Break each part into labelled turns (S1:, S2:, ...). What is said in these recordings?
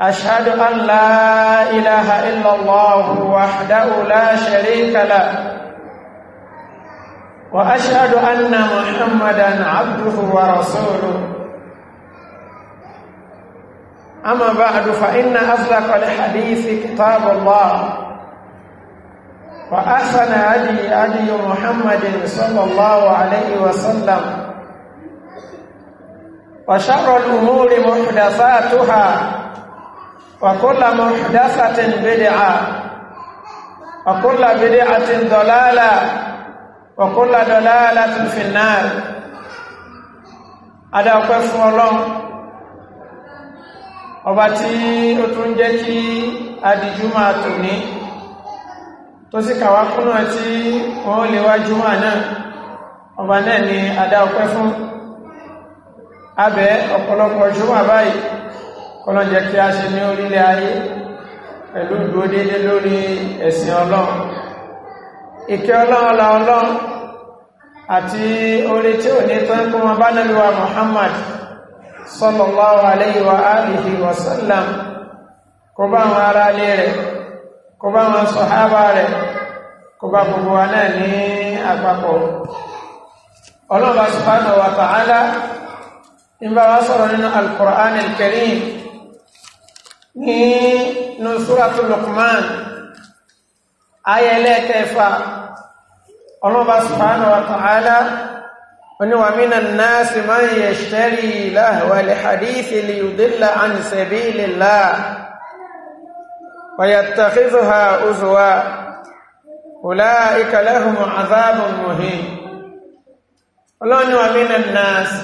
S1: أشهد أن لا إله إلا الله وحده لا شريك له وأشهد أن محمدا عبده ورسوله أما بعد فإن أصدق الحديث كتاب الله وأحسن هدي هدي محمد صلى الله عليه وسلم وشر الأمور محدثاتها وكل محدثة بدعة وكل بدعة ضلالة وكل ضلالة في النار ada ọpẹ́ fún Ọlọ́run ọba tí ó tún jẹ́ kí adìjúmọ àtòní tó sì kàwá kúnà tí wọn ó lè wá júmọ náà ọba náà ni ada ọpẹ́ fún abẹ ọ̀pọ̀lọpọ̀ juma báyìí kọ́lọ́jẹ́ kí a ṣe ní orílẹ̀ ayé pẹ̀lú dúró déédé lórí ẹ̀sìn ọlọ́run ìkẹ́ ọlọ́run la ọlọ́run àti orí tí ò ní tán kó wọn bá nàbí wa Muhammad sallallahu alayhi wa alihi wa sallam kó bá wọn ará lé rẹ̀ kó bá wọn sọ̀hábà rẹ̀ kó bá gbogbo wa náà ní àpapọ̀ ọlọ́run subhanahu wa ta'ala ń bá wa sọ̀rọ̀ nínú al-Qur'an ní nùsúrátù Luqman ayẹlẹ́ kẹfà ọlọ́bà subhanahu wa ta'ala wani wa minan nasi man yashtari lahwal hadithi li yudilla an sabilillah wa yattakhidhuha uzwa ulaika lahum azabun muhin ọlọ́ni wa minan nasi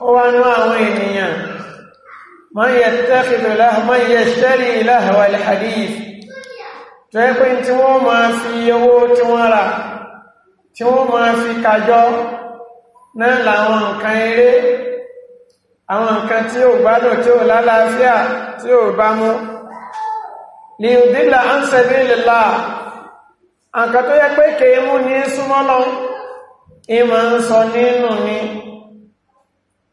S1: ó wá nú àwọn ènìyàn من يتخذ له من يشتري لهو الحديث tó yẹ pé tí wọ́n máa fi owó tí wọ́n rà tí wọ́n fi kàjọ na làwọn nǹkan eré àwọn nǹkan tí o gbádùn tí ó lálàáfíà tí ó bá mú ní ìdílà ń sẹ́bí lèlá nǹkan tó yẹ pé ní ni.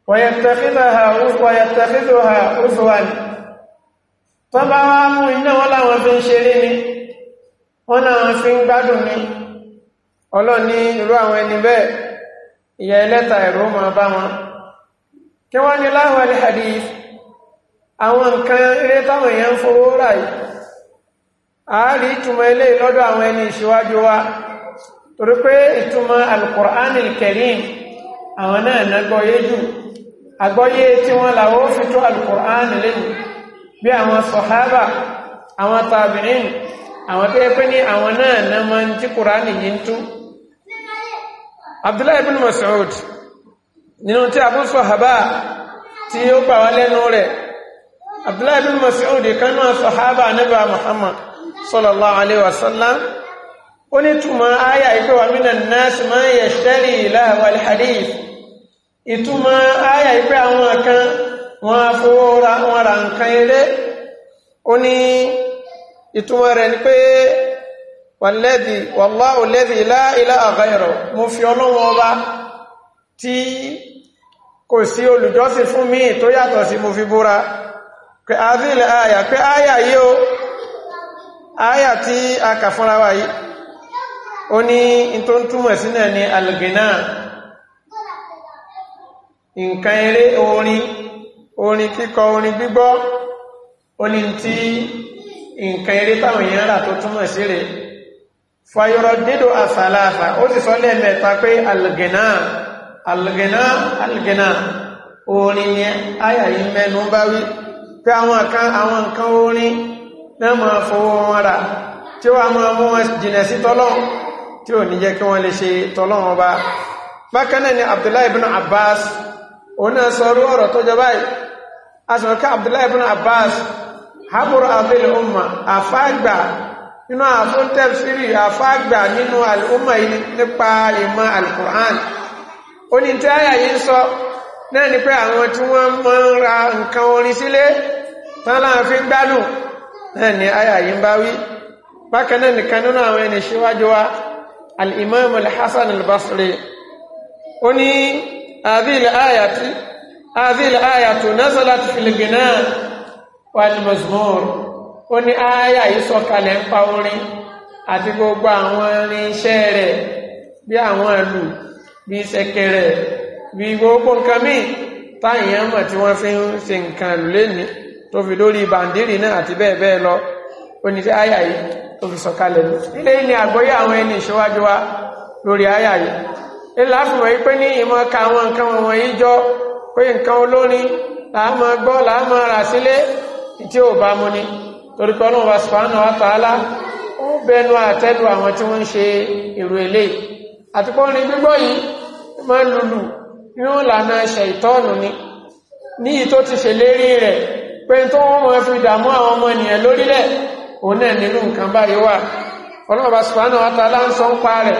S1: ويتخذها ويتخذها عفوا tọ́ba wá mú iná wọn láwọn fi ni ni ọlọ́ni irú àwọn ẹni bẹ́ẹ̀ ìyà ẹlẹ́ta ẹ̀rọ máa bá wọn kí wọ́n ní láwọn ní àwọn nǹkan eré táwọn èèyàn ń fowó rà yìí àárí ìtumọ̀ eléyìí lọ́dọ̀ àwọn ẹni wa torí pé ìtumọ̀ alukur'anil karim àwọn náà nágbọ́ àgbọ́yé tí wọ́n làwọ́ fi tó alkùrán lẹ́nu bí àwọn sọ̀hábà àwọn tàbíìn àwọn tó yẹ pé ní àwọn náà na máa ń tí kùrán yìí ń tú abdullahi ibn mas'ud nínú tí abu sọ̀hábà tí ó gbà wá lẹ́nu rẹ̀ abdullahi ibn mas'ud kan náà sọ̀hábà nígbà muhammad sallallahu alaihi ó ní túmọ̀ áyà ìpé wa minan nas man yashtari lahwa alhadith ìtumọ̀ ayà ìpé àwọn kan wọ́n fowóra wọ́n ra nǹkan eré ó ní ìtumọ̀ rẹ̀ ni pé wàlẹ́dì wallahu lẹ́dì la ilaha ghayru mo fi ọlọ́wọ́ ọba tí kò sí olùjọ́sìn fún mi tó yàtọ̀ sí mo fi búra pé àdílẹ̀ ayà pé ayà yìí o ayà tí a kà fúnra wa yìí ó ní tó ń túmọ̀ sí náà ni nǹkan eré orin orin kíkọ orin gbígbọ́ ó ní tí nǹkan eré táwọn èèyàn rà tó túmọ̀ sí rẹ̀ fayọrọ dídò àsàlàsà ó sì sọ lẹ́ẹ̀mẹ́ta pé algena algena algena orin ni àyà yìí mẹ́nu bá wí pé àwọn kan àwọn nǹkan orin náà máa fowó wọn rà tí ó wà máa mú wọn jìnà sí tọ́lọ́n tí ò ní jẹ́ kí wọ́n lè ṣe tọ́lọ́n ọba bákan náà ni Abdullahi ibn Abbas òun náà sọrú ọ̀rọ̀ tó jọ báyìí asọ̀rọ̀ká Abdullahi ibn Abbas habur abel umma àfáàgbà nínú àfún tafsiri àfáàgbà nínú al'umma yìí nípa ìmọ̀ al-Qur'an ó ní tí àyà yìí sọ náà ni pé àwọn tí wọ́n mọ́ ń ra nǹkan orin sílé tán láàá fi gbádùn náà ni àyà yìí ń bá wí bákan náà nìkan nínú àwọn ẹni ṣíwájú wa al-imam al-Hasan al-Basri ó هذه الآية هذه الآية نزلت في البناء والمزمور ó ní ááyà yìí sọ̀kalẹ̀ ń pa orin ati gbogbo àwọn irinṣẹ́ rẹ̀ bí àwọn àlù bí ṣẹ̀kẹ̀rẹ̀ bí gbogbo nǹkan míì táyìn mọ̀ tí wọ́n fi ń ṣe nǹkan àlù lẹ́ni tó fi lórí bàǹdírì náà àti bẹ́ẹ̀ bẹ́ẹ̀ lọ ó ní sí ááyà yìí tó fi sọ̀kalẹ̀ ní ilé ní àgbọ́yé àwọn ẹni ìṣíwájú wa lórí ááyà yìí láàfihàn yìí pé ní ìmọ̀ ka àwọn nǹkan wọ̀nyí jọ pé nǹkan olórin làámọ̀ gbọ́ làámọ̀ rà sílé tí ò bá mu ni torí pé ọlọ́run subhanahu wa ta'ala ó bẹnu àtẹ́lu àwọn tí wọ́n ń ṣe èrò èlé àtìpọ́ orin gbígbọ́ yìí máa ń lulù ní wọ́n lànà ẹ̀ṣẹ̀ ìtọ́ọ̀nù ni ní ìtó ti ṣèlérí rẹ̀ pé tó wọ́n mọ̀ fi dààmú àwọn ọmọ ènìyàn lórílẹ̀ òun náà nínú nǹkan báyìí wà ọlọ́run subhanahu wa ta'ala ń sọ ń pa rẹ̀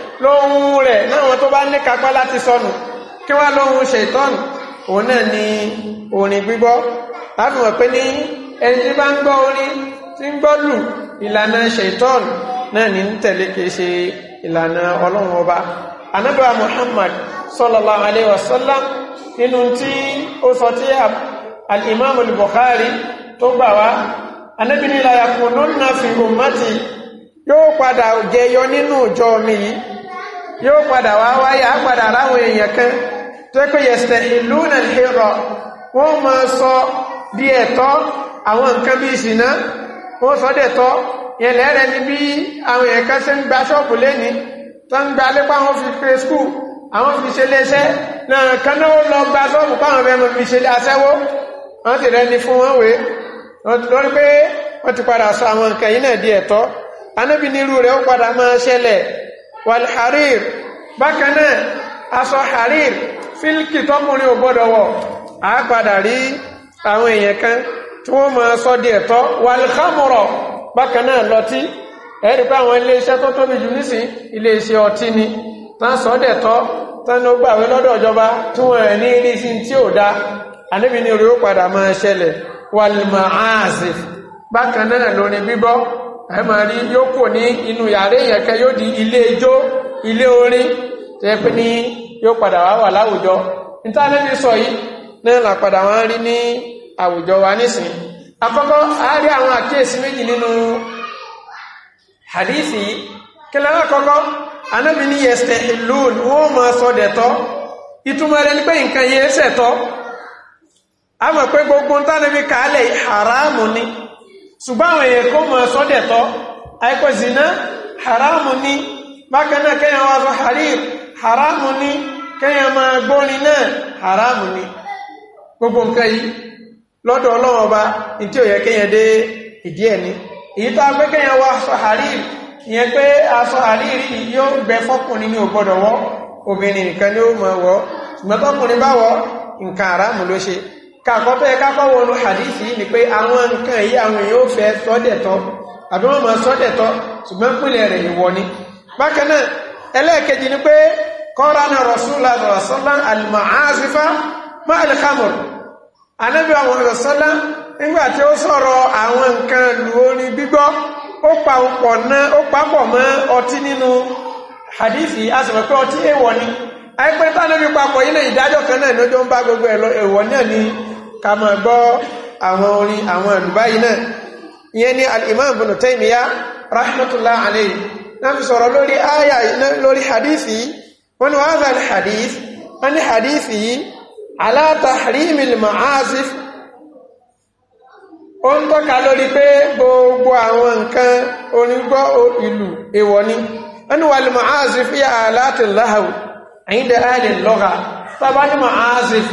S1: lóhun rẹ̀ láwọn tó bá ní kápá láti sọnù kí wá lóhun ṣètọ́nù òun náà ni orin gbígbọ́ láti mọ̀ pé ní ẹni tí bá ń gbọ́ orin tí ń gbọ́ lù ìlànà ṣètọ́nù náà ní tẹ̀lé kìí ṣe ìlànà ọlọ́run ọba anábà Muhammad sallallahu alaihi wasallam nínú tí ó sọ tí al-imam bukhari tó gbà wá anábì ní la yakununna fi ummati yóò padà jẹyọ nínú ìjọ mi yìí yóò padà wá wáyé àpàdà láwọn èèyàn kan tó kó yẹsẹ̀ ìlú nàìjíríà wọ́n máa sọ bí ẹ̀tọ́ àwọn nǹkan bí ìsìná wọ́n sọ dẹ̀tọ́ yẹn lẹ́rẹ̀ ní bí àwọn èèyàn kan ṣe ń gba ṣọ́ọ̀bù lẹ́ni tó ń gba fi pé skul àwọn fi ṣe léṣẹ́ náà kan náà lọ gba fi ṣe ti sọ àwọn nǹkan yìí náà di anábìnirú ó padà máa wàlharir bákan náà aṣọ harir sílkì tọkùnrin ò gbọ́dọ̀ wọ̀ á padà rí àwọn èèyàn kan tí wọ́n máa sọ di ẹ̀tọ́ wàlhámọ̀rọ̀ bákan náà lọtí ẹ̀rí pé àwọn iléeṣẹ́ tó tóbi jù nísìn iléeṣẹ́ ọtí ni tán sọ dẹ̀ tọ́ tán ló gbàwé lọ́dọ̀ ìjọba tí wọ́n ní rí sí tí ò dá àníbi ni orí ó padà máa ṣẹlẹ̀ wàlìmọ̀ áàsì bákan lórí bíbọ́ ẹ máa rí yóò kò ní inú yàrá èèyàn yóò di ilé ijó ilé orin tó pé ní yóò padà wá wà láwùjọ ìtànẹ́bí sọ yìí náà là padà wá rí ní àwùjọ wa nísìn àkọ́kọ́ a rí àwọn àkíyèsí méjì nínú hadisi yìí kílẹ̀ lákọ́kọ́ anábì ní yẹsẹ̀ ìlú wọ́n mọ̀ sọdẹ̀tọ́ ìtumọ̀ rẹ̀ ní pé nǹkan yẹn ṣẹ̀tọ́ a mọ̀ pé gbogbo ń tánẹ́bí kàálẹ̀ haramu ni ṣùgbọ́n àwọn èèyàn kó mọ̀ sọ́dẹ̀tọ́ àìkọ́ zina haramu ni bákan náà kẹ́yàn wá sọ harir haramu ni kẹ́yàn máa gbọ́rin náà haramu ni gbogbo nǹkan yìí lọ́dọ̀ ọlọ́wọ́ ọba ní tí ò yẹ kẹ́yàn dé ìdí ẹ̀ ni èyí tó a pé kẹ́yàn wá sọ harir ìyẹn pé aṣọ harir yóò gbẹ fọ́kùnrin ní ò gbọ́dọ̀ obìnrin nìkan ni ó máa wọ̀ ṣùgbọ́n tọkùnrin bá wọ̀ nǹkan haramu ló ṣe kàkọ́ tó yẹ ká kọ́ wọnú hadisi yìí ni pé àwọn nǹkan yìí àwọn èèyàn ò fẹ́ sọ́dẹ̀tọ́ àbí wọ́n máa sọ́dẹ̀tọ́ ṣùgbọ́n pínlẹ̀ rẹ̀ ìwọ ni bákan náà ẹlẹ́ẹ̀kejì ni pé kọ́ránà rasulullah rasulullah al-ma'azifa ma al-khamr anábì àwọn rasulullah nígbà tí ó sọ̀rọ̀ àwọn nǹkan lu orin gbígbọ́ ó pa ọ̀pọ̀ náà ó papọ̀ mọ́ ọtí nínú hadisi a sọ̀rọ̀ pé ọtí èèwọ̀ ni àìpé tánàbí papọ̀ yìí náà ìdájọ́ kan náà lójó ń bá gbogbo ẹ̀wọ̀ náà ni ká máa gbọ́ àwọn orin àwọn àlùbá yìí náà ìyẹn ni al-Imam Ibn Taymiyyah rahmatullah alayhi náà fi sọ̀rọ̀ lórí àyà lórí hadith yìí wọ́n ni wọ́n zàlẹ̀ hadith wọ́n ni hadith yìí ala tahrimil ma'azif ó ń tọ́ka lórí pé gbogbo àwọn nǹkan onígbọ́ ìlú èwọ̀ ni wọ́n ni wal ma'azif yà aláàtì ẹ̀yìndẹ̀ àìlè lọ́gà tàbá ní ma'azif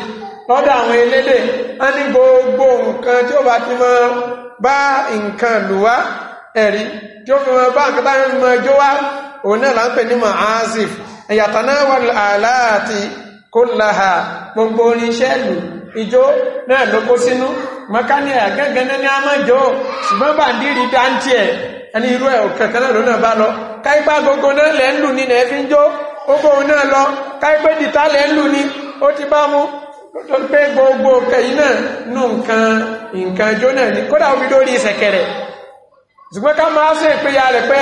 S1: lọ́dọ̀ àwọn elédè a ní gbogbo nǹkan tí ó bá ti mọ́ bá nǹkan lùwá ẹ̀rí tí ó fi mọ́ bá nǹkan táwọn mọ́ jó wá òun náà láńpẹ̀ ní ma'azif ẹ̀yàtọ̀ náà wà láàláàtì kó láha gbogbo oníṣẹ́ lù ìjó náà ló kó sínú mọ́kání àgẹ́gẹ́ ní a máa jó ṣùgbọ́n bàndìrí dáńtì ẹ̀ ẹni irú ẹ̀ òkèkè náà lónà bá lọ káyípa ó bóun náà lọ káípé dìtálẹ̀ ń lù ni ó ti bá mú tó pé gbogbo kẹyìn náà nù nǹkan nǹkan jó náà ni kódà omi lórí ìsẹ̀kẹ̀rẹ̀ ṣùgbọ́n ká máa ṣe ìpéyà rẹ̀ pé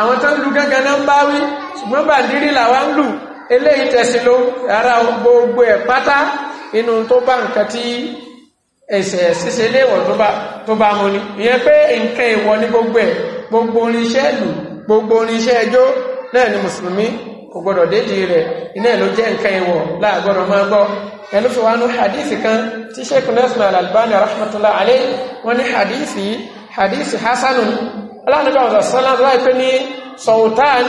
S1: àwọn tó ń lu gángan náà ń bá wí ṣùgbọ́n bàndírí làwa ń lù eléyìí tẹ̀sí ló ara gbogbo ẹ̀ pátá inú tó bá nǹkan tí ẹsẹ̀ ṣíṣe léwọ̀ tó bá mú ni ìyẹn pé nǹkan ìwọ ní gbogbo ẹ̀ gbogbo orin iṣẹ́ ìlú gbogbo orin ẹjọ́ náà ni mùsùlùmí kò gbọdọ̀ dédì rẹ̀ iná ẹ̀ ló jẹ́ nǹkan ìwọ̀ láàgbọ́dọ̀ máa gbọ́ ẹnu fi wánú hadithi kan tí sheikh nasma al-albani rahmatullahi alayhi wọ́n ní hadithi hadithi hasanun aláàdúgbà ọ̀dọ̀ sọ́lá láì pé ní sọ̀wùtán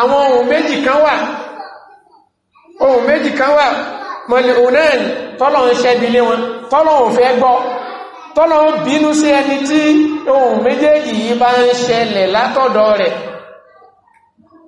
S1: àwọn ohun méjì kan wà ohun méjì kan wà mọ̀lẹ̀ onan tọ́lọ̀ ń ṣẹ́bi lé wọn tọ́lọ̀ ò fẹ́ gbọ́ tọ́lọ̀ ń bínú sí ẹni tí ohun méjèèjì yìí bá ń ṣẹlẹ̀ látọ̀dọ̀ rẹ̀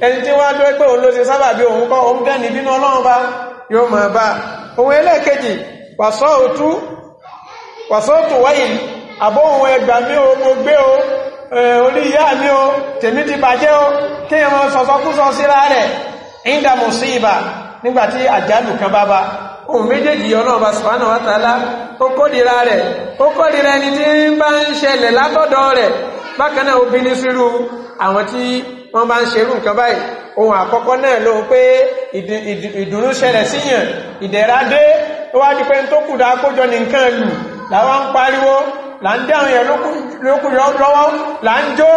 S1: ẹni tí wọ́n tó pé òun ló ṣe sábà bí òun kọ́ òun gẹ́ níbínú ọlọ́run bá yóò máa bá ohun ẹlẹ́ẹ̀kejì wàsọ́ òtú wàsọ́ òtú wáyé àbó ohun ẹgbà mi o mo gbé o orí ìyá mi o tèmi ti bàjẹ́ o kí ẹ mọ sọ̀sọ́kúsọ síra rẹ̀ ìdàmú sí ibà nígbàtí àjálù kan bá bá ohun méjèèjì ọlọ́ọ̀bá sọ̀hánà wátàlá ó kódìra rẹ̀ ó kódìra ẹni tí ń bá ń ṣẹlẹ̀ látọ̀dọ̀ rẹ̀ bákan obìnrin sírú àwọn tí wọ́n bá ń ṣerú nǹkan báyìí ohun àkọ́kọ́ náà ló pé ìdùnnú ṣẹlẹ̀ síyàn ìdẹ̀ra dé tó wá di pé tó kù dá kójọ ní nǹkan lù làwọn ń pariwo là ń dáhùn yẹn lókù lọ́wọ́ là ń jó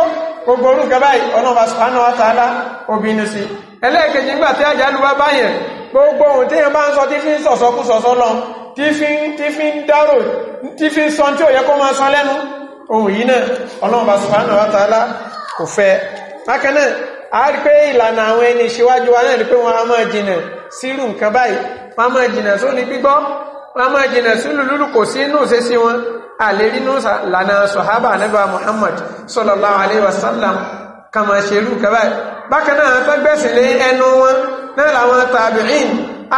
S1: gbogbo orú nǹkan báyìí ọlọ́ba sùpánà wa tààlà obìnrin sí ẹlẹ́ẹ̀kejì nígbà tí àjálù bá báyẹn gbogbo ohun tí yẹn bá ń sọ tí fi ń sọ̀sọ́kú sọ̀sọ́ lọ tí fi ń dárò tí fi ń sọ tí ò yẹ kó máa sọ lẹ́nu ohun yìí náà ọlọ́ba sùpánà kò fẹ́ bákan náà a rí pé ìlànà àwọn ẹni ìṣíwájú wa náà rí pé wọn a máa jìnà sírù nǹkan báyìí wọn a máa jìnà sóni gbígbọ́ wọn a máa jìnà sílù lúlù kò sí inú ṣeṣe wọn àlérí inú lànà sọ̀hábà ànábì Muhammad sallallahu alaihi wasallam kàmá ṣerú nǹkan báyìí bákan náà tó gbẹ̀sìn lé ẹnu wọn náà làwọn tàbíìn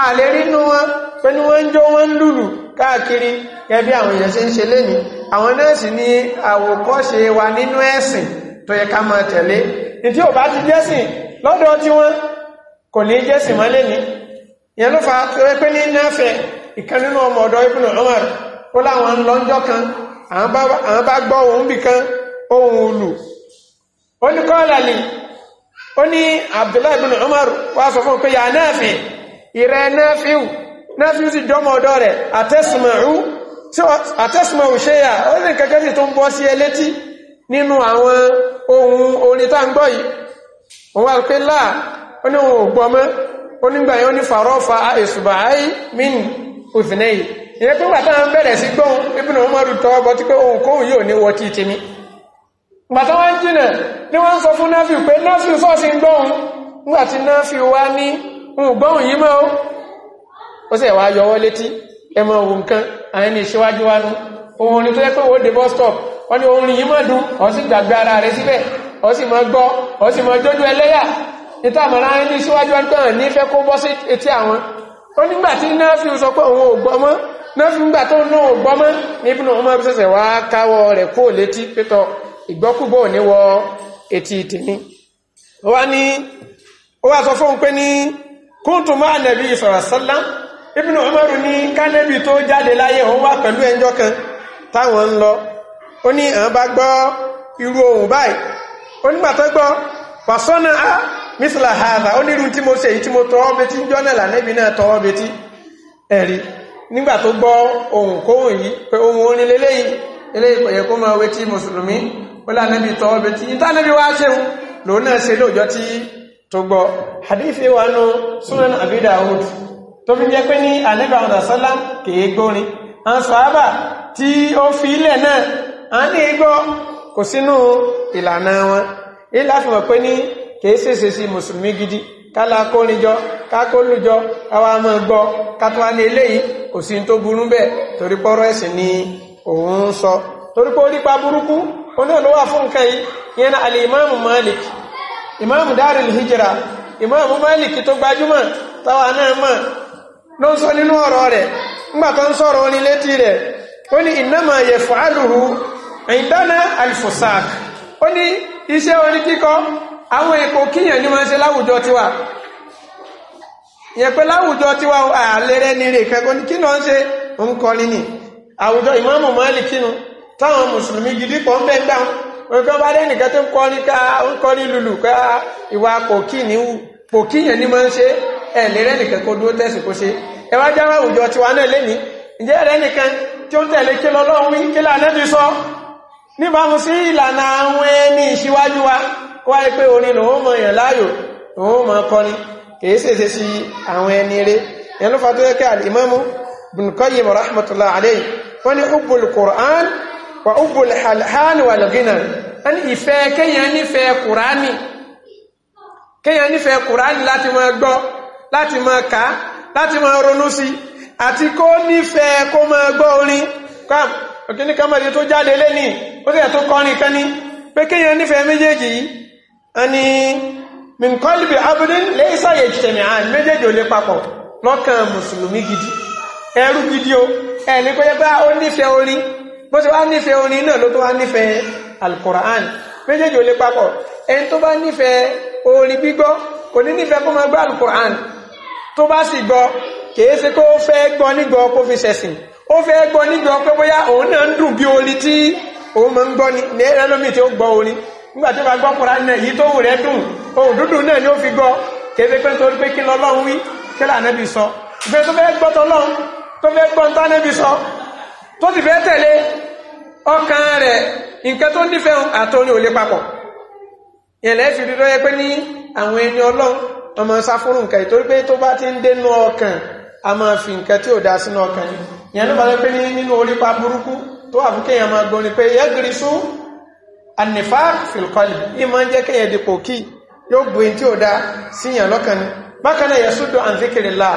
S1: àlérí inú wọn pẹ̀lú wọn ń jó wọn ń lùlù káàkiri gẹ́gẹ́ bí àwọn èèyàn ṣe ń ṣe lénìí àwọn náà sì ni àwòkọ́ṣe wa nínú ẹ̀sìn tó yẹ ká máa tẹ̀lé ìdí ò bá ti jẹ́sìn lọ́dọ̀ tí wọ́n kò ní jẹ́sìn mọ́lé ní ìyẹn ló fa tó yẹ pé ní náfẹ̀ ìkan nínú ọmọ ọ̀dọ̀ Ibn Umar ó láwọn ń lọ́njọ́ kan àwọn bá gbọ́ òun bì kan ohun olù ó Umar wá sọ fún pé yà náfẹ̀ ìrẹ náfíù náfíù sì jọmọ ọ̀dọ̀ rẹ̀ àtẹ́sùmọ̀rú àtẹ́sùmọ̀rú ṣe yà ó sì kẹ́kẹ́ sì tó ń àwọn ohun orin tá ń gbọ́ yìí òun wá pé láà ó ní òun ò gbọ́ ó nígbà yẹn ní fàrọ́fà èsùbà ohun kóhun yóò ní tí jìnà ni wọn sọ fún náfíù pé náfíù sọ́ọ̀sì ń gbóhun tí wá ní ohun yìí mọ́ ó sì wá yọwọ́ létí ẹmọ kan wọ́n ní orin yìí mọ́dún ọ sì gbàgbé ara rẹ̀ síbẹ̀ ọ sì mọ́ gbọ́ ọ sì mọ́ jójú ẹlẹ́yà níta àmàrà ń ní síwájú ọgbọ́n ní fẹ́ kó bọ́ sí etí àwọn ó nígbà tí náàfi sọ pé òun ò gbọ́ mọ́ náàfi ń gbà tó ń náà gbọ́ mọ́ níbi náà wọ́n ṣẹ̀ṣẹ̀ wá káwọ́ rẹ̀ kó létí pétọ ìgbọ́kúgbọ́ ò ní wọ etí tèmi ó wá ní ó wá sọ fóun pé ní kúntùmọ́ ànàbí ìsọ̀rọ̀ sọ́lá Ibn Umar ní kánẹ́bì tó jáde láyé òun wá pẹ̀lú ẹjọ́ kan táwọn ń lọ ó ní àwọn bá gbọ́ irú ohun báyìí ó nígbà tó gbọ́ pàṣọ́nà á ah, mísìlá hàdà ó nírú tí mo ṣe èyí tí mo tọwọ́ betí ń jọ́nà lànẹ́bí náà tọwọ́ betí ẹ̀rí nígbà tó gbọ́ ohun kóhùn yìí pé ohun orin leléyìí eléyìí kò yẹ kó máa wé tí mùsùlùmí ó lànẹ́bí tọwọ́ betí ìtànẹ́bí wá ṣeun lòun náà ṣe lóòjọ́ tí tó gbọ́ hadithi wa nù sunan abi dawud tó fi jẹ́ pé ní ànẹ́bí àwọn àṣálá kèé gbórin àwọn ó fi ilẹ̀ náà a ní igbó kò sínú ìlànà wọn ilé láti mọ̀ pé ní kìí ṣèṣe sí mùsùlùmí gidi kálá kórinjọ kákólùjọ káwá mọ́ gbọ́ kátúwá ní eléyìí kò sí tó burú bẹ́ẹ̀ torí ni òun ń sọ torí pé orípa burúkú onáà ló fún nǹkan yìí yẹn na Malik ìmọ́ọ̀mù Darul Hijra ìmọ́ọ̀mù Malik tó gbajúmọ̀ táwa náà ìdáná alifosak ó ní iṣẹ́ orí kíkọ́ àwọn èkó kíyàn ní máa ṣe láwùjọ tiwa yẹn pé láwùjọ tiwa àlẹ́rẹ́ ní rè kẹ́kọ́ ní kí náà ń ṣe ń kọrin ní àwùjọ ìmáàmù máàlì kínu táwọn mùsùlùmí gidi pọ̀ ń bẹ́ gbà nǹkan bá dẹ́nìkan tó ń ń kọrin lùlù ká ń níbàmú sí ìlànà àwọn ẹni ìṣíwájú wa kó wáyé pé orin lòun mọ èèyàn láàyò òun mọ kọrin kìí ṣèṣe sí àwọn ẹni eré yẹn ló fa tó yẹ kí al-Imamu Ibn Qayyim rahmatullah alayhi wọ́n ní hubbul Qur'an wa hubbul halhan wal ghina ẹni ìfẹ́ òkíní kámẹ́rì tó jáde lẹ́ni ó sì ẹ̀tún kọrin kẹ́ni pé kéèyàn nífẹ̀ẹ́ méjèèjì yìí ẹni minkọ́lùbì abúdín lẹ́yìísà yẹ̀jìtẹ̀mì àn méjèèjì ò lè papọ̀ lọ́kàn mùsùlùmí gidi ẹrú gidi o ẹni pé bá ó nífẹ̀ẹ́ orin bó ti wá nífẹ̀ẹ́ orin náà ló tó wá nífẹ̀ẹ́ alukoran méjèèjì ò lè papọ̀ ẹni tó bá nífẹ̀ẹ́ orin gbígbọ́ kò ní nífẹ̀ẹ́ kó máa gbọ́ ó fẹ́ gbọ́ nígbà pé bóyá òun náà ń dùn bí orin tí òun máa ń gbọ́ ni ní ẹ̀rọ lómi tí ó gbọ́ orin nígbà o bá gbọ́ kura náà yìí tó wù dùn ohun dudu náà ni ó fi gbọ́ kébé pé nítorí pé kí lọ lọ́hún wí kí lànà bí sọ ìgbé tó fẹ́ gbọ́ tọ́ lọ́hún tó fẹ́ gbọ́ nítorí náà bí sọ tó fẹ́ tẹ̀lé ọkàn rẹ̀ nǹkan tó àtọ́ni ò lè papọ̀ ti fi ìyẹn ló bá lẹ́ pé nínú orípa burúkú tó wà fún kéèyàn máa gbọ́ ni pé yẹ́gìrì sún ànífà fìlkọ́lì yìí máa ń jẹ́ kéèyàn dipò kí yóò bu ẹni tí ó da síyàn lọ́kàn ni bákan náà yẹ̀sùn dùn àǹfíkìrì là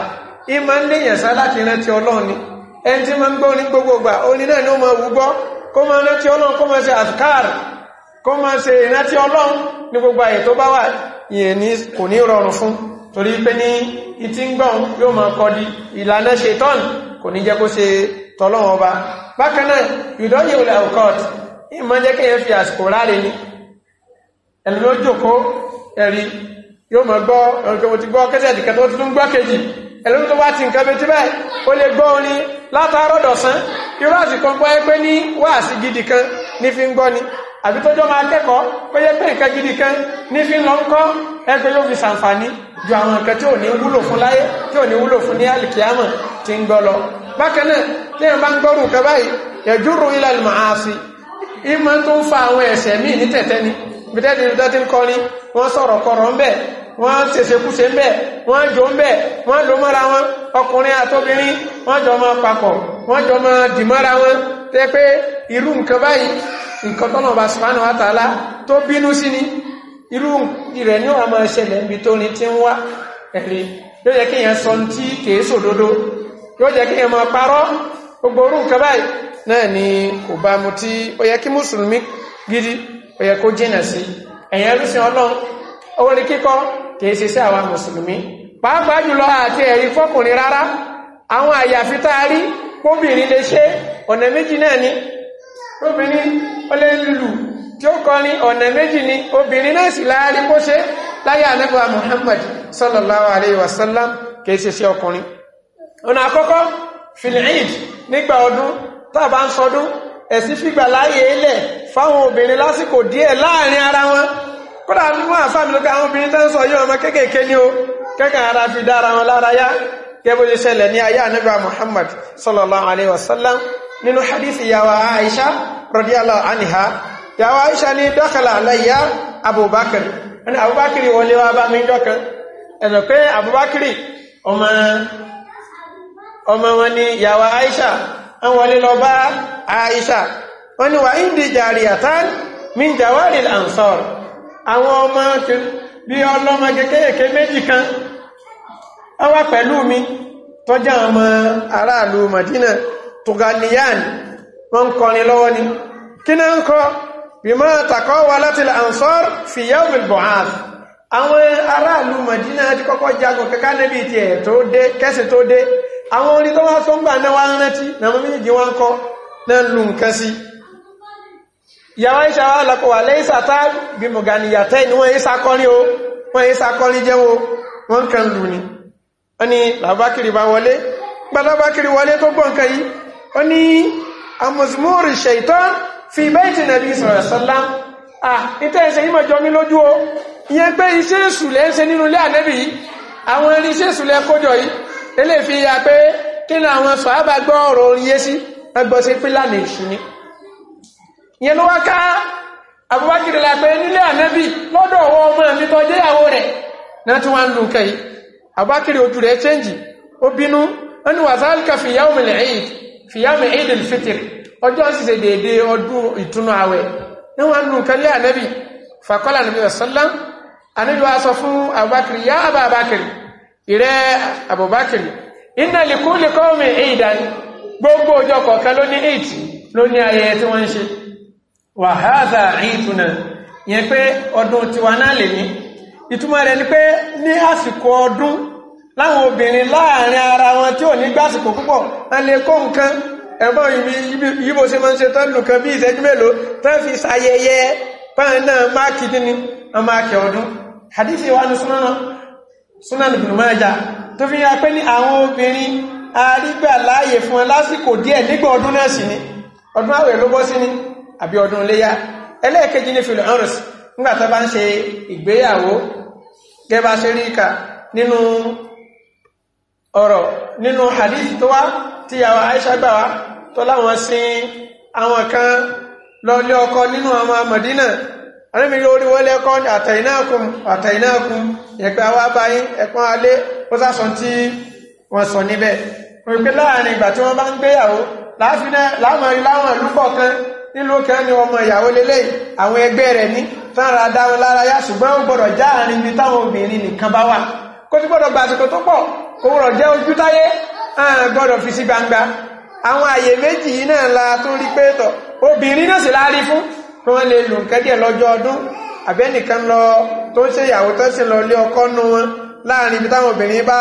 S1: yìí máa ń léyàn sá láti rántí ọlọ́run ni ẹni tí máa ń gbọ́ gbogbo gbà orin náà ni ó máa wú gbọ́ kó máa rántí ọlọ́run kó máa ṣe àfikàr kó máa ṣe ìrántí ọlọ́run ní gbogbo àyè tó bá wà ìyẹn kò ní rọrùn fún torí pé ní ìtí ń gbọ́n yóò máa kọ́ di ìlànà ṣetán kò ní jẹ́ kó ṣe tọ́lọ́wọ́ ọba bákan náà yùdọ́ yìí olè ọkọ̀t ìmọ̀ jẹ́ kéèyàn fi àsìkò ráre ni ẹ̀lú ló jòkó ẹ̀rí yóò mọ̀ gbọ́ ọ̀rọ̀ tí gbọ́ kẹsẹ̀ ìdìkẹ́ tó tún gbọ́ kejì ẹ̀lú tó bá ti nǹkan bẹ tí bẹ́ẹ̀ ó lè gbọ́ orin látàárọ̀ irú àsìkò gbọ́ ẹ ní wáàsí gidi kan ní fi ń gbọ́ ni àbí tọ́jọ́ máa kẹ́kọ̀ọ́ kó yẹ pé nǹkan gidi kan ní fi ń lọ ń kọ́ ẹgbẹ́ yóò fi ṣàǹfààní ju àwọn nǹkan tí ò ní wúlò fún láyé tí ò ní wúlò fún ní àlìkíyàmọ̀ tí ń gbọ́ lọ bákan náà tí èèyàn bá ń gbọ́rù nǹkan báyìí yẹjúrù ilẹ̀ màásì ìmọ̀ tó wọ́n sọ̀rọ̀ ń bẹ̀ wọ́n jò ń bẹ̀ wọ́n lò mọ́ra wọn ọkùnrin àtobìnrin wọ́n jọ máa papọ̀ wọ́n jọ máa dìmọ́ra wọn tẹ́ pé irú nǹkan báyìí nǹkan tọ́nà bá subhanahu wa ta'ala tó bínú sí ni irú rẹ̀ ní ọmọ ẹṣẹlẹ̀ ibi tó ní tí ń wá ẹ̀rí yóò jẹ́ kíyàn sọ tí kìí sòdodo yóò jẹ́ kíyàn máa parọ́ gbogbo orú nǹkan báyìí náà ni kò bá mu tí ó yẹ kí mùsùlùmí gidi ó yẹ kó jìnà sí ẹ̀yìn ẹlúsìn ọlọ́run orin kíkọ́ kìí ṣe sí àwa mùsùlùmí pàápàá jùlọ àti ẹ̀rí fọkùnrin rárá àwọn àyàfi tá a rí kóbìnrin lè ṣe ọ̀nà méjì náà ni obìnrin ọlẹ́ lùlù tí ó kọrin ọ̀nà méjì ni obìnrin náà sì láàrin kó ṣe láyé ànábà Muhammad sallallahu alayhi wa sallam kìí ṣe sí ọkùnrin ọ̀nà àkọ́kọ́ filid nígbà ọdún tàbá ń sọdún ẹ̀sí fìgbà láyé ilẹ̀ fáwọn obìnrin lásìkò díẹ̀ láàrin ara wọn kódà mú àfáàmì lókè àwọn obìnrin tó ń sọ yóò ọmọ kéékèèké ni o kẹ́kàn ara fi dára wọn lára yá gẹ́gbó ṣe ṣẹlẹ̀ ní ayé ànábà Muhammad sallallahu alayhi wa nínú hadith ìyàwó Aisha radiyallahu anha ìyàwó Aisha ní dọ́kàlà aláyà Abubakar ẹni Abubakar wọlé wá bá mi dọ́kan ẹ̀nà pé Abubakar ọmọ ọmọ wọn ni ìyàwó Aisha ń wọlé lọ bá Aisha wọ́n ni wà índì jariyatan min jawaril ansar àwọn ọmọ bí ọlọ́mọ kékèké méjì kan wọ́n wá pẹ̀lú mi tọ́jà ọmọ aráàlú Madina tugaliyan wọ́n ń kọrin lọ́wọ́ ni kí náà bima taqawalatil ansar fi yawmil bu'ath àwọn aráàlú Madina ti kọ́kọ́ jagun kẹ́kẹ́ níbi tí ẹ̀ tó dé kẹ́sì tó dé àwọn orin tó wá tó na gbà náà wá ń rántí náà méjì wá ń kọ́ náà lù nǹkan sí yàwá ìṣàwá alákọ̀wà lẹ́yìn sàtá bí mọ̀gànìyàtẹ́ ni wọ́n yí sakọ́rin o wọ́n yí sakọ́rin jẹ́wọ́ wọ́n kàn lù ni wọ́n ni làbákiri bá wọlé gbàdábákiri wọlé tó gbọ́ nǹkan yìí ó ní àmùsùmúrì ṣèitán fi bẹ́ẹ̀tì nàbí sọ̀rọ̀ sọ́lá ah ìtẹ́ ẹsẹ̀ yìí mọ̀jọ mi lójú o ìyẹn pé iṣẹ́ ìsùlẹ̀ ń ṣe nínú ilé ànẹ́bì yìí àwọn irin iṣẹ́ ìsùlẹ̀ kójọ yìí lélè fi ya pé kí ni àwọn sọ̀hábà gbọ́ ọ̀rọ̀ orin yé sí ẹgbọ́ sí pílànà èṣù ni ìyẹn ló wá ká Abubakar la pé nílé ànẹ́bì lọ́dọ̀ ọwọ́ ọmọ mi tó jẹ́ ìyàwó rẹ̀ náà tí wọ́n ń lu nǹkan yìí Abubakar ojú rẹ̀ chẹ́ǹjì ó bínú ó ní wàsálì kàfìyàwó mi fìyàmù eid al-fitr ọjọ́ sì ṣe dédé ọdún ìtúnú àwẹ̀ níwọ̀n nù kẹlẹ́ ànẹ́bì fàkọ́lá nàbí ọ̀sánlám ànẹ́bì wa sọ fún abubakiri yá àbá abakiri ìrẹ́ abubakiri inna li kulli qawmin eidan gbogbo ọjọ́ kọ̀ọ̀kan ló ní eid ló ní ayẹyẹ tí wọ́n ń ṣe wa hadha eiduna yẹn pé ọdún tiwa náà lè ní ìtumọ̀ rẹ̀ ni pé ní àsìkò ọdún láwọn obìnrin láàrin ara wọn tí ò ní gbásìkò púpọ̀ wọ́n lè kó nǹkan ẹ̀gbọ́n yíbo ṣe máa ń ṣe tán kan bí ìṣẹ́jú mélòó tán fi ṣayẹyẹ máàkì ọdún wa tó fi ya pé ní àwọn obìnrin arígbà láàyè fún lásìkò díẹ̀ nígbà ọdún náà ni ni àbí ọdún ẹlẹ́ẹ̀kejì ní fìlẹ̀ nígbà tó bá ń ṣe ìgbéyàwó ọ̀rọ̀ nínú hadith tó wá tí yàwó Aisha gbà wá tó láwọn sin àwọn kan lọ́lé ọkọ nínú àwọn Mádínà àrẹ́mìí lórí wọlé ẹkọ́ àtẹ̀yìnákùn àtẹ̀yìnákùn yẹ̀pẹ̀ àwọn abáyín ẹ̀pọ́n alé ó sásán tí wọ́n sọ níbẹ̀ òpin láàrin ìgbà tí wọ́n bá ń gbéyàwó láàmọ̀ ni ọmọ ìyàwó lélẹ̀ àwọn ẹgbẹ́ rẹ̀ ní tánra dáwọn lára yá ṣùgbọ́n ó gbọ́dọ̀ jáàrin tó pọ̀ kòwòrọ̀ jẹ́ ojú táyé gbọ́dọ̀ fi sí gbangba àwọn àyè méjì náà la tó rí pé tọ̀ obìnrin náà sì láàrí fún kí wọ́n lè lù kẹ́díẹ̀ lọ́jọ́ ọdún àbẹ́nìkan lọ tó ń ṣèyàwó tó sì lọ lé ọkọ nu wọn láàrin ibi táwọn obìnrin bá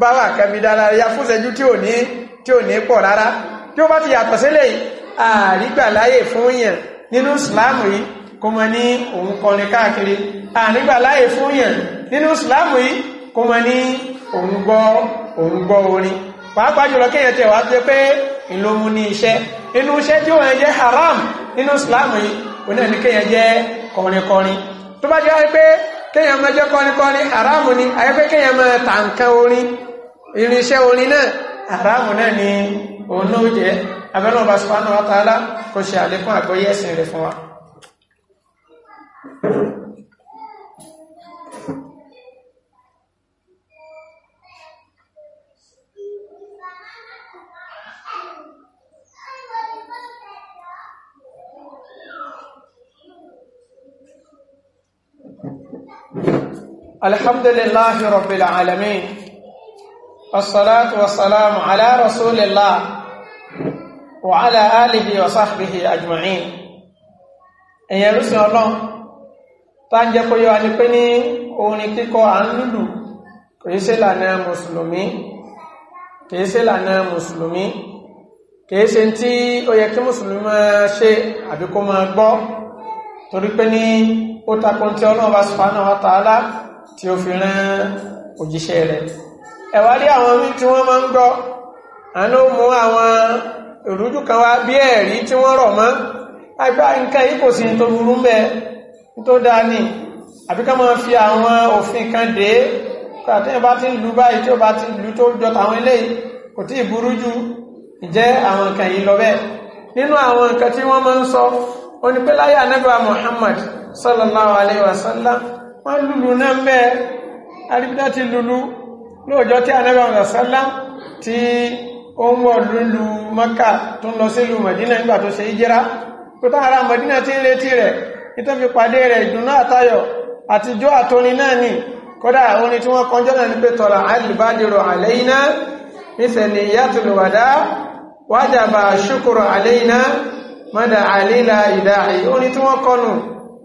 S1: bá wà kẹ́mi dára ya fúnṣẹ́jú tí ò ní tí ò ní pọ̀ rárá tí ó bá ti yàtọ̀ sílẹ̀ yìí àrígbà láyè fún yàn nínú ìsìláàmù yìí kò mọ̀ ní òun kọrin káàkiri àrígbà láyè fún yàn nínú ìsìláàmù yìí kò mọ̀ ní òun gbọ́ òun gbọ́ orin pàápàá jùlọ kéèyàn tẹ̀ wá jẹ́ pé ìlú mu ní iṣẹ́ inú iṣẹ́ tí ó wọ́n haram nínú islam yìí òun náà ní kéèyàn jẹ́ kọrinkọrin tó bá jẹ́ pé kéèyàn máa kọrinkọrin haram ni àyẹ́ pé kéèyàn máa ta nǹkan orin irinṣẹ́ orin náà haram náà ni òun náà jẹ́ abẹ́lẹ́ ọba subhanahu wa ta'ala kò الحمد لله رب العالمين والصلاة والسلام على رسول الله وعلى آله وصحبه أجمعين ẹ̀yẹ̀ lúsìn ọlọ́run tá ń jẹ́ kó yọ ni pé ní orin kíkọ à ń lùlù kìí ṣe lànà mùsùlùmí kìí ṣe lànà mùsùlùmí kìí ṣe tí ó yẹ kí mùsùlùmí máa ṣe àbí kó máa gbọ́ torí pé ní ó takò tí ọlọ́run bá subhanahu wa ta'ala tí ó fi rán òjíṣẹ́ rẹ̀ ẹ̀wà rí àwọn mí tí wọ́n máa ń gbọ́ àánú mú àwọn ìrújú kan wá bí ẹ̀rí tí wọ́n rọ̀ mọ́ àgbà nǹkan yìí kò sí ní tó burú mẹ́ tó dáa ní àbí ká máa fi àwọn òfin kan dé àtẹ́yìn bá ti ń lu báyìí tí ó bá ti lu tó jọ tàwọn eléyìí kò tí ì Muhammad sallallahu alaihi wasallam wọ́n lùlù náà ń bẹ́ àríbídá ti lùlù lóòjọ́ tí anábà ọ̀sánlá tí ó ń wọ̀ lùlù mọ́kà tó ń lọ sí lù mọ̀dínà nígbà tó ṣe ìjẹ́ra tó tán ara mọ̀dínà ti ń retí rẹ̀ nítorí fi pàdé rẹ̀ ìdùnnú àtayọ̀ àtijọ́ àtoni náà ni kódà orin tí wọ́n kọjọ́ náà ní pé tọ́lá alìbádìrò àlẹ́yìnà nísẹ̀lẹ̀ ìyàtùlù wàdá wájàbà ṣùkùrù àlẹ́yìnà mọ́dà àlẹ́là ìdáhì orin tí wọ́n kọnù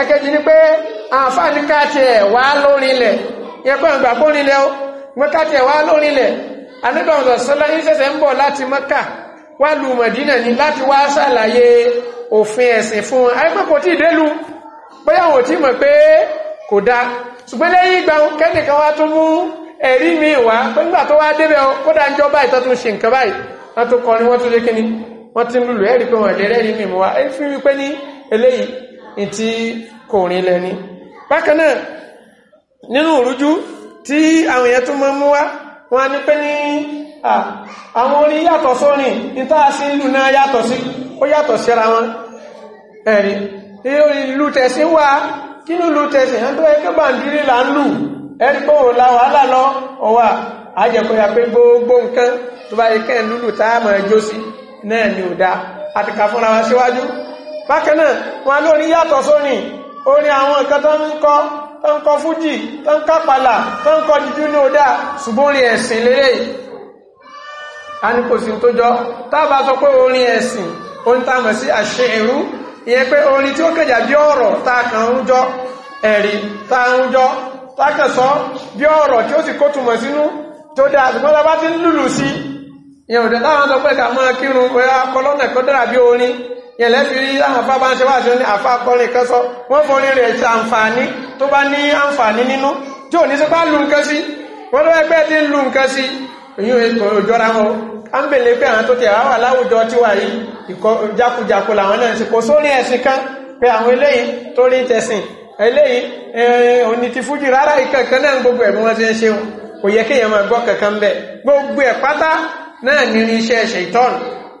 S1: ẹ̀kẹ́jì ni pé àǹfààní káàtì ẹ̀ wá lórí ilẹ̀ yẹn pé àgbà kó nílẹ̀ ó gbé káàtì ẹ̀ wá lórí ilẹ̀ anígbàwọ̀n sọ́lá yín ṣẹ̀ṣẹ̀ ń bọ̀ láti Mẹ́kà wá lu Mẹ̀dínà ni láti wá ṣàlàyé òfin ẹ̀sìn fún wọn àyẹ́pẹ́ kò tí ì délu bóyá wọn ò tí ì mọ̀ pé kò dáa ṣùgbọ́n lẹ́yìn ìgbà kẹ́nìkan wá tún mú ẹ̀rí mi wá pé nígbà tó wá débẹ̀ kódà ń jọba ìtọ́ tún ṣe nǹkan báyìí wọ́n tún kọrin wọ́n tún ṣe kíni wọ́n ti ń lùlù ẹ̀rí pé wọ́n lè rẹ́rí mi wá ẹ fi wípé ní eléyìí tí kò rìn lẹ́ni bákan náà nínú òrújú tí àwọn èèyàn tó máa mú wá wọn a ní pé ní àwọn orin yàtọ̀ sórin níta sí ìlú náà yàtọ̀ sí ó yàtọ̀ síra wọn ẹ̀rí ìlú tẹ̀sí wá kí ní ìlú tẹ̀sí hàn tó yẹ kí bàǹdírí là ń lù ẹ̀rí pé òun la wàhálà lọ ọ̀wà àjẹkọ̀yà pé gbogbo nǹkan tó bá yẹ kẹ́ ń lùlù tá a sí náà ni ò dáa àtìkà fúnra wa síwájú bákanáà wọn lórí yàtọ̀ sórin orin àwọn nǹkan tó ń kọ tó ń kọ fújì tó ń kápàlà tó ń kọ jíjú ní ọdá ṣùgbọ́n orin ẹ̀sìn lélẹ̀ a ní kò sí tó jọ tábà sọ pé orin ẹ̀sìn orin tá mọ̀ sí àṣẹ ìrú ìyẹn pé orin tí ó kẹjà bí ọ̀rọ̀ tá ń jọ ẹ̀rí tá ń jọ tákẹ̀sọ́ bí ọ̀rọ̀ tí ó sì kó túnmọ̀ sínú tó dá àtìkọ́lá bá ti ń lùlù sí ìyẹn òdẹ̀ táwọn sọ pé ká máa kírun pé akọlọ́nà kọ́ dára bí orin yẹn lẹ́fi rí láwọn afá bá ń ṣe wá ṣe ní afá akọrin kan sọ wọ́n forí rẹ̀ ṣe àǹfààní tó bá ní àǹfààní nínú tí ò ní sí bá lu nǹkan sí wọ́n tó ẹgbẹ́ tí ń lu nǹkan sí èyún òjọra wọn a ń bèèrè pé àwọn tó ti àwà láwùjọ tí wà yìí jákujàku làwọn náà ń kò sórí ẹ̀sìn kan pé àwọn eléyìí tó rí tẹ̀sìn eléyìí eh, òní ti fújì rárá ìkankan náà gbogbo ẹ̀mí wọn ti ń ṣe kò yẹ kéèyàn máa gbọ́ kankan bẹ́ẹ̀ gbogbo ẹ̀ pátá náà ní iṣẹ́ ṣètọ́nù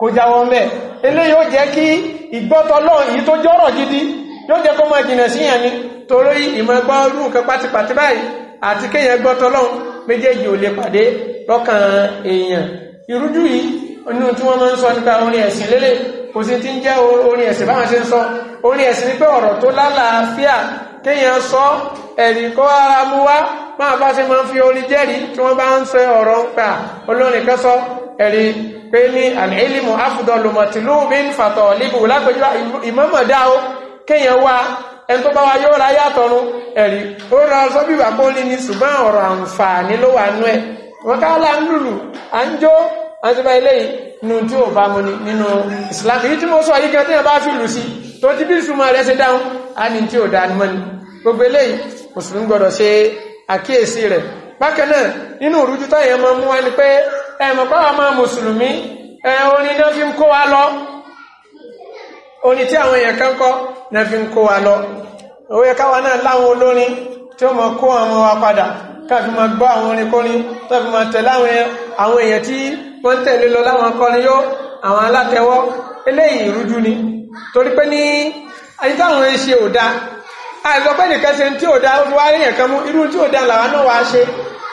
S1: kó jáwọ́ mẹ́ eléyìí ó jẹ́ kí ìgbọ́tọ̀lọ́ yìí tó jọ́rọ̀ gidi yóò jẹ́ kó máa jìnà síyàn ni torí ìmọ̀ ẹgbọ́ rú nǹkan pátipàti báyìí àti kéèyàn gbọ́tọ̀lọ́ méjèèjì ò lè pàdé lọ́kàn èèyàn ni pé ọ̀rọ̀ tó lálàáfíà kéèyàn sọ ẹ̀rí kó ara mú wá máa bá ṣe máa ń fi orin jẹ́rìí tí wọ́n bá ń sọ ọ̀rọ̀ ẹ̀rí pé ní àní ìlímù afùdọ̀lùmọ̀tìlú bí ń fàtọ̀ níbù lápẹjọ ìmọ̀mọ̀dá ó kéèyàn wá ẹni tó bá wa yóò ra yàtọ̀run ẹ̀rí ó ra sọ bí bàbá ó ní ní ṣùgbọ́n ọ̀rọ̀ Islam èyí tí mo sọ yìí kan tí yẹn bá fi lù sí tó ti bí ìsúnmọ́ rẹ̀ ṣe dáhùn á ní àkíyèsí rẹ̀ bákan náà nínú ìrújú táyẹ̀ máa mú wá ni pé ẹ̀mọ̀ pé ọmọ mùsùlùmí ẹ̀ orin náà fi ń kó wa lọ orin tí àwọn èèyàn kan kọ́ náà fi ń kó wa lọ òwe káwa náà láwọn olórin tí ó mọ kó àwọn wa padà káfí máa gbọ́ àwọn orin kórin tó fi tẹ̀lé àwọn èèyàn tí wọ́n tẹ̀lé lọ láwọn akọrin yó àwọn alátẹ̀wọ́ eléyìí ìrújú ni torí pé ní ẹni táwọn ń ṣe ò dáa àìsọ pé nìkan ṣe tí ò dáa olùwárí yẹn kan mú irú tí ò dáa làwọn náà wàá ṣe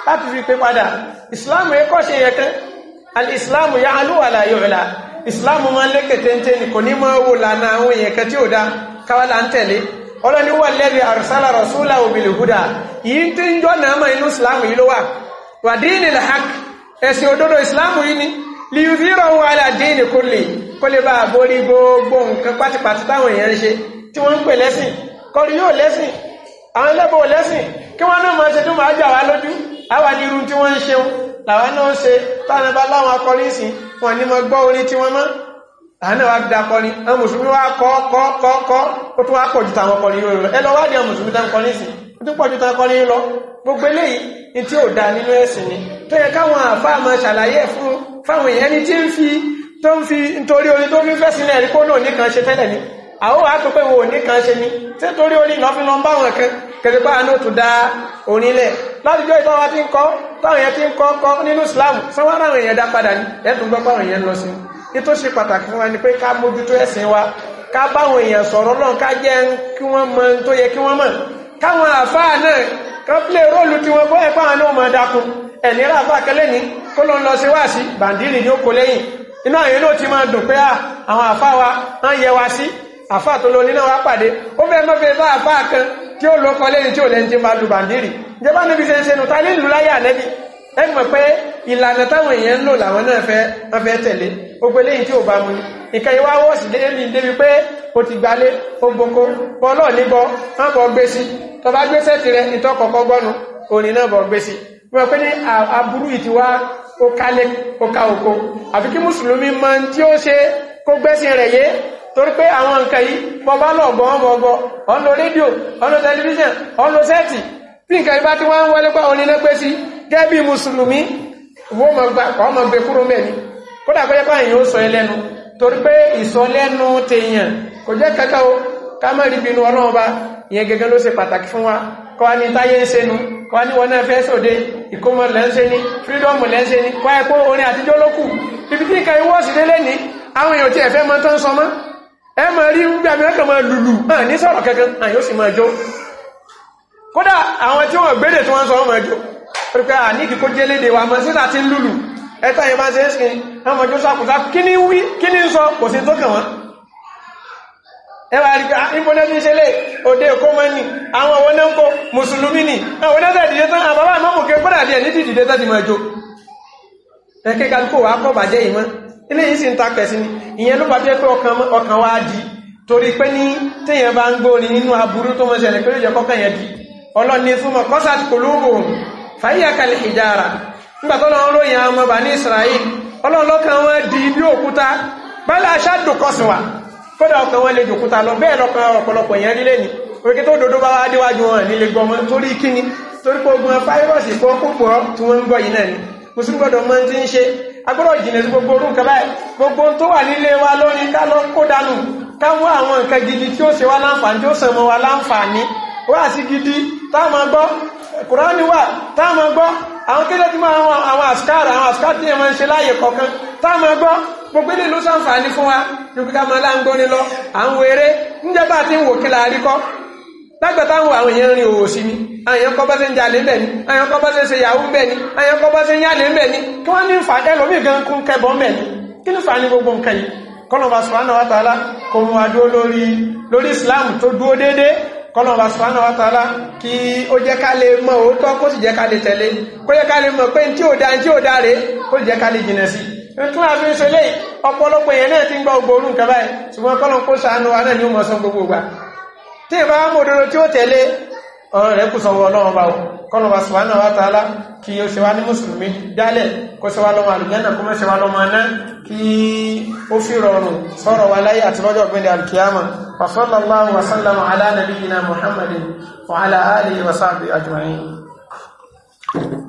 S1: láti fi pé padà ìsìláàmù ẹkọ́ ṣe yẹ kán alìsìláàmù ya alúwàlà yọ̀ọ̀là ìsìláàmù máa ń lékè téńté ni kò ní máa wò lànà àwọn èèyàn kan tí ò dá káwálà ń tẹ̀lé ọlọ́ni wà lẹ́bi àrùsálà rọ̀súlà bil huda yìí tí ń jọ́ náà mọ́ inú ìsìláàmù yìí ló wà wà díìnì làhák ẹ̀sìn òdodo ìsìláàmù yìí ni kí wọ́n náà máa ṣe tó máa jà wá lójú àwa ní irun tí wọ́n ń ṣeun làwọn náà ṣe táwọn bá láwọn akọrin sí wọn ní mọ gbọ́ orin tí wọ́n mọ́ àánà wa da akọrin àwọn mùsùlùmí wa kọ́ kọ́ kọ́ kọ́ ó tún wá pọ̀ ju tàwọn akọrin yìí lọ ẹ lọ wádìí àwọn mùsùlùmí táwọn akọrin sí ó tún pọ̀ ju tàwọn akọrin yìí lọ gbogbo ní ni tó ni àwọn wàá tó pé wo ní kan ṣe ni tí torí orí ìlọ́fin lọ ń bá wọn kan kẹsì pa àánú tó da orin lẹ̀ látijọ́ ìtọ́ wa ti ń kọ́ táwọn èèyàn ti ń kọ́ kọ́ nínú Islam sanwó àwọn èèyàn dá padà ní ẹ̀dùn gbọ́ pàwọn èèyàn lọ sí ní tó ṣe pàtàkì fún wa ni pé ká mójútó ẹ̀sìn wa ká báwọn èèyàn sọ̀rọ̀ náà ká jẹ́ kí ah, wa ń àfa àtọ́lọ́ oníná wa pàdé ó fẹ́ mọ́ fẹ́ bá àfa kan tí ó lọ́kọ lẹ́yìn tí ò lẹ́yìn tí ma lu bàndírì ìjọba níbi ṣe ń ṣe nù ta ní ìlú láyé ànẹ́bí ẹ mọ̀ pé ìlànà táwọn èèyàn ń lò làwọn náà fẹ́ wọ́n fẹ́ tẹ̀lé gbogbo eléyìí tí ò bá mu nǹkan ìwá wọ́ọ̀sì lé mi débi pé o ti gbalé o gboko bọ́ náà níbọ wọ́n bọ̀ gbé sí tọba gbé sẹ́ẹ̀tì rẹ ìtọ́ kọ̀ọ̀kan gbọ́nu òní náà bọ̀ gbé sí wọ́n pé ní aburú ìtiwá ó kálé ó ká oko àfi kí mùsùlùmí mọ tí ó ṣe kó gbẹ́sìn rẹ̀ yé torí pé àwọn nǹkan yìí bọba lọ́gbọ̀n ọgbọ̀gbọ̀ ọ̀n lo rédíò ọ̀n lo tẹlifíṣàn ọ̀n lo sẹ́ẹ̀tì tí nǹkan ibá tí wọ́n ń wọlé pa mùsùlùmí wọ́n mọ̀ kọ́ mọ̀ gbé kúrò mẹ́ni kódà kó ó pé tèèyàn kò jẹ́ o ká má rí bínú ọlọ́run ba ìyẹn gẹ́gẹ́ ló ṣe pàtàkì fún wa kọ́ wa ní táyé ń ṣe nu kọ́ wa ní wọn náà fẹ́ sòde ìkómọ ibi tí nǹkan àwọn èèyàn ẹ máa rí ń gbà mẹ́kàn máa lùlù hàn ní sọ̀rọ̀ kankan hàn yóò sì máa jó kódà àwọn tí wọ́n gbédè tí wọ́n sọ wọ́n máa jó pẹ̀lú àníkì kó jẹ́ léde wa mọ́ síta ti ń lùlù ẹ̀tọ́ yẹn máa ṣe é sìn ọmọ jó sàkùsà kí ni wí kí ni sọ kò sí tó kàn wọ́n ẹwà àríkà ìpínlẹ̀ ní ṣẹlẹ̀ òde èkó mọ́ ní àwọn ọwọ́ náà ń kó mùsùlùmí ní àwọn onáta ìdíje tán àbábá àmọ́mù kẹ́kọ́dà díẹ̀ ní dìdìde tán ti máa jó ẹ̀kẹ́ kálukó wà á kọ́ bàjẹ́ yìí mọ́ ilé yìí sì ń ni ìyẹn ló bá jẹ́ pé ọkàn wá di torí pé ní téèyàn bá ń gbóni nínú aburú tó mọ̀ ṣẹlẹ̀ pé ló jẹ́ kọ́kàn yẹn di ọlọ́ni súnmọ́ kọ́sàtì kòlóòbò fàyíyà ìjára nígbà tó lọ́n ròyìn ní Israel ọlọ́run lọ́kàn wọn di bí òkúta bálá aṣáàdù kọsùnwà kódà ọkàn wọn lè jòkúta lọ bẹ́ẹ̀ lọ́kàn ọ̀pọ̀lọpọ̀ dodo bá wá déwájú wọn nílé gbọmọ torí kíni torí pé ogun fáírọ́ọ̀sì kó púpọ̀ tí wọ́n ń agbọ́dọ̀ jìnà sí gbogbo orú kẹbẹ́ gbogbo tó wà nílé wa lórí ká lọ kó dánù ká àwọn nǹkan gidi tí ó ṣe wá láǹfààní tí ó sọmọ wa láǹfààní wá sí gidi táàmà gbọ́ kùránì wà táàmà gbọ́ àwọn kéde tí máa àwọn àṣkáàrà àwọn àṣkáà tí ń ṣe àwọn èèyàn àyàn kọ́ bá ṣe ń jalè ńbẹ̀ ni àyàn kọ́ bá ṣe ṣe yahoo ńbẹ̀ ni àyàn kọ́ bá ṣe ń yálè ńbẹ̀ ni kí wọ́n ní ń fa ẹlòmíì gan kún kẹbọ ńbẹ̀ ni kí ló fa ní gbogbo nǹkan yìí kọ́nà subhanahu wa ta'ala kò mú wa dúró lórí lórí islam tó dúró déédéé kọ́nà subhanahu wa ta'ala kí ó jẹ́ ká lè mọ òótọ́ kó sì jẹ́ ká lè tẹ̀lé kó jẹ́ ká lè mọ pé tí ò da tí ò da rè kó sì jẹ́ ká lè jìnà sí nǹkan àfi ń ṣe léyìí ọ̀pọ̀lọpọ̀ èèyàn náà ti ń gbọ́ ògbórùn kẹfà ẹ̀ ṣùgbọ́n kọ́nà ṣàánú wa náà ni ó mọ̀ sọ gbogbo gbà tí ìbá mòdòdó tí ó tẹ̀lé ọ̀rọ̀ rẹ̀ kù sọ́wọ́ ọlọ́run bá kọ́nà wa sùwánà wa tààlà kí o ṣe wá ní mùsùlùmí dálẹ̀ kó ṣe wá lọ́mọ àlùjẹ́nà kó mẹ́ṣe wá lọ́mọ náà kí ó fi rọrùn sọ̀rọ̀ wa láyé àti lọ́jọ́ ọ̀gbẹ́lẹ̀ alkiyama wa